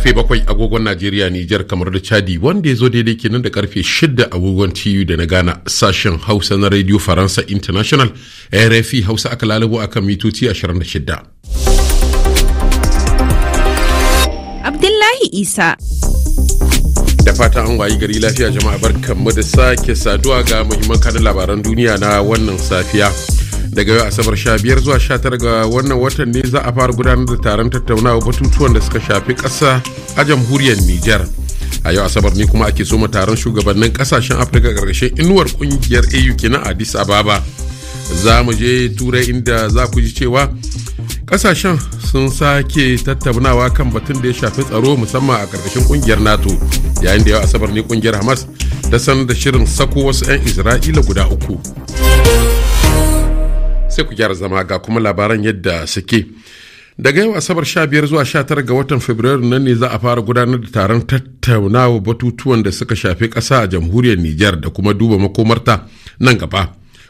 karfe bakwai agogon Najeriya Nijar kamar da Chadi wanda ya zo daidai kenan da karfe shida agogon TU da na Ghana sashen Hausa na Radio Faransa International RFI Hausa aka lalabo akan mitoci 26. Abdullahi Isa da fata an wayi gari lafiya jama'a barkanmu da sake saduwa ga muhimman kanin labaran duniya na wannan safiya. daga yau asabar 15 zuwa 19 ga wannan watan ne za a fara gudanar da taron tattaunawa batutuwan da suka shafi ƙasa a jamhuriyar nijar a yau asabar ne kuma ake soma taron shugabannin kasashen afirka karkashin inuwar kungiyar au kenan addis ababa za mu je turai inda za ku ji cewa kasashen sun sake tattaunawa kan batun da ya shafi tsaro musamman a karkashin kungiyar nato yayin da yau asabar ne kungiyar hamas ta sanar da shirin sako wasu 'yan isra'ila guda uku sai ku gyara zama ga kuma labaran yadda suke daga yau asabar 15 zuwa 19 ga watan fabrairu nan ne za a fara gudanar da taron tattaunawa batutuwan da suka shafi kasa a jamhuriyar nijar da kuma duba makomarta nan gaba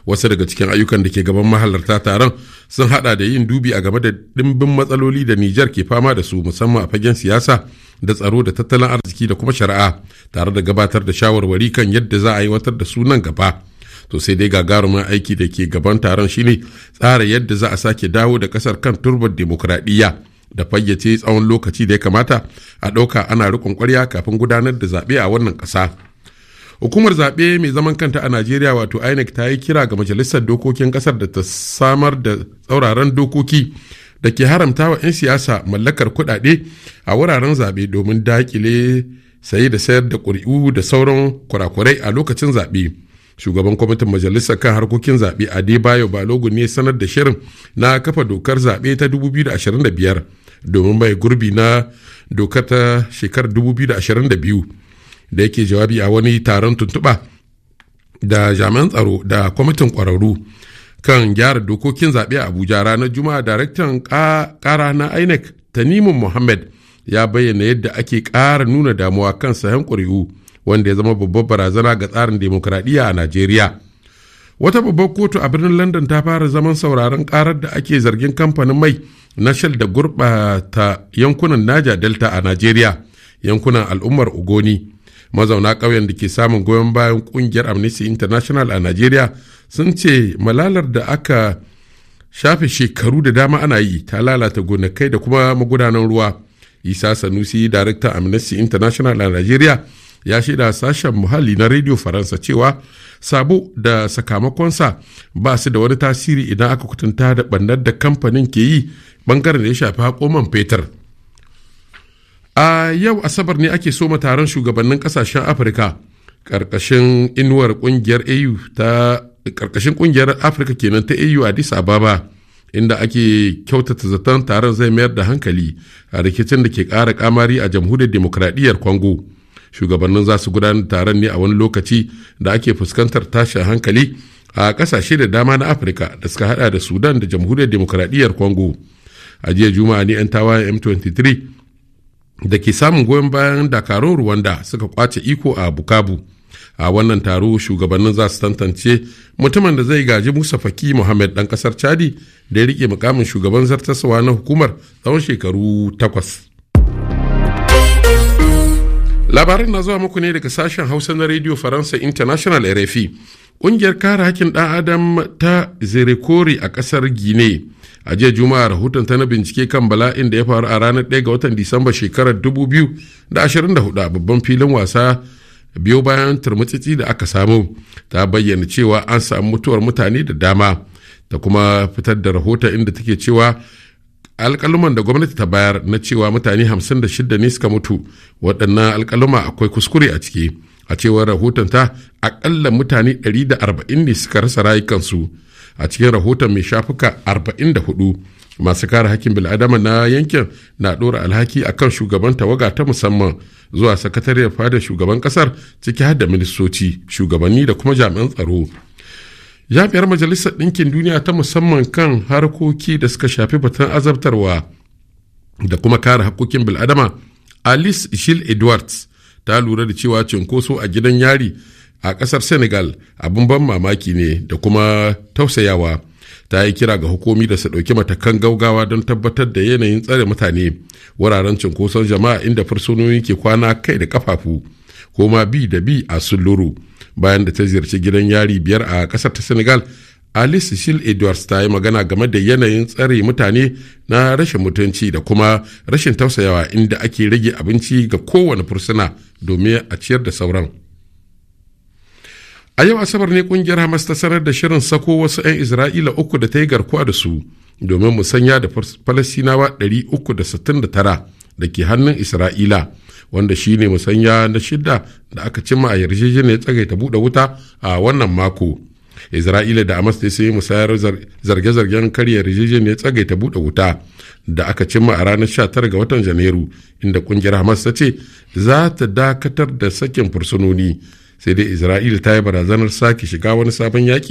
wasu daga cikin ayyukan da ke gaban mahalarta taron sun hada da yin dubi a game da dimbin matsaloli da nijar ke fama da su musamman a fagen siyasa da tsaro da tattalin arziki da kuma shari'a tare da gabatar da shawarwari kan yadda za a aiwatar da su nan gaba to sai dai gagarumin aiki da ke gaban taron shine tsara yadda za a sake dawo da kasar kan turbar demokradiyya da fayyace tsawon lokaci da ya kamata a ɗauka ana rikon kwarya kafin gudanar da zaɓe a wannan ƙasa hukumar zaɓe mai zaman kanta a najeriya wato inec ta yi kira ga majalisar dokokin ƙasar da ta samar da tsauraran dokoki da ke haramta wa 'yan siyasa mallakar kuɗaɗe a wuraren zaɓe domin daƙile saye da sayar da ƙuri'u da sauran kurakurai a lokacin zaɓe shugaban kwamitin majalisar kan harkokin zaɓe ba balogu ne sanar da shirin na kafa dokar zaɓe ta 2025 domin mai gurbi na dokar ta shekarar 2022 da yake jawabi a wani taron tuntuɓa da jami'an tsaro da kwamitin ƙwararru kan gyara dokokin zaɓe a abuja ranar juma'a daraktan ƙara na inec tanimun mohammed ya bayyana yadda ake ƙara nuna damuwa kan sayan ƙuri'u wanda ya zama babbar barazana ga tsarin demokradiyya a najeriya wata babbar kotu a birnin london ta fara zaman sauraron karar da ake zargin kamfanin mai na shell da gurɓata yankunan naja delta a najeriya yankunan al'ummar ugoni. mazauna ƙauyen da ke samun goyon bayan ƙungiyar amnesty international a najeriya sun ce malalar da aka shafe shekaru da dama ana yi ta lalata gonakai da kuma magudanan ruwa isa sanusi director amnesty international a najeriya ya shaida sashen muhalli na radio faransa cewa sabo da sakamakonsa ba su da wani tasiri idan aka kwatanta da bannar da kamfanin ke yi bangaren da ya shafi hakoman fetur a yau asabar ne ake soma taron shugabannin kasashen afirka ƙarƙashin inuwar ƙungiyar au ta karkashin ƙungiyar afirka kenan ta au addis ababa inda ake kyautata zaton taron zai mayar da hankali a rikicin da ke ƙara kamari a jamhuriyar demokradiyyar congo shugabannin za su gudanar taron ne a wani lokaci da ake fuskantar tashin hankali a kasashe da dama na afirka da suka hada da sudan da jamhuriyar demokradiyyar congo a jiya juma'a ne 'yan tawayen m23 da ke samun goyon bayan dakarun rwanda suka kwace iko a bukabu a wannan taro shugabannin za su tantance mutumin da zai gaji musa faki muhammad dan kasar chadi da ya rike mukamin shugaban zartaswa na hukumar tsawon shekaru takwas labarin na zuwa muku ne daga sashen hausa na radio faransa international rfi ƙungiyar kare hakkin ɗan adam ta zerekori a ƙasar gine a jiya juma'a rahoton ta na bincike kan bala'in da ya faru a ranar 1 ga watan disamba shekarar 2024 a babban filin wasa biyo bayan turmutsitsi da aka samu ta bayyana cewa an samu mutuwar mutane da dama ta kuma fitar da rahoton inda take cewa alkaluman da gwamnati ta bayar na cewa mutane 56 ne suka mutu waɗannan alkaluma akwai kuskure a ciki a cewar ta akalla mutane 140 ne suka rasa rayukansu a cikin rahoton mai shafuka 44 masu kare hakkin bil'adama na yankin na ɗora alhaki a kan shugaban tawaga ta musamman zuwa sakatariyar fadar shugaban ƙasar ciki har da ministoci shugabanni da kuma jami'an tsaro jami'ar majalisar ɗinkin duniya ta musamman kan harkoki da suka shafi batun azabtarwa da kuma kare hakokin bil'adama alice shil edwards ta lura da cewa cinkoso a gidan yari a ƙasar senegal abin ban mamaki ne da kuma tausayawa ta yi kira ga hukumi da su ɗauki matakan gaugawa don tabbatar da yanayin tsare mutane wuraren cinkoson jama'a inda fursunoni ke kwana kai da kafafu ko ma bi da bi a sulluru bayan da ta ziyarci gidan yari biyar a kasar ta senegal alice shil edwards ta yi magana game da yanayin tsare mutane na rashin mutunci da kuma rashin tausayawa inda ake rage abinci ga kowane fursuna domin a ciyar da sauran a yau asabar ne kungiyar hamas ta sanar da shirin sako wasu 'yan isra'ila uku da ta yi garkuwa da su domin musanya da falasinawa 369 da ke hannun isra'ila wanda shi ne musanya na shidda da aka cimma a yarjejeniyar tsagaita buɗe wuta a wannan mako isra'ila da amas sun yi musayar zarge-zargen karya yarjejeniyar tsagaita buɗe wuta da aka cimma a ranar 19 ga watan janairu inda kungiyar hamas ta ce za ta dakatar da sakin fursunoni sai dai isra'ila ta yi barazanar sake shiga wani sabon yaki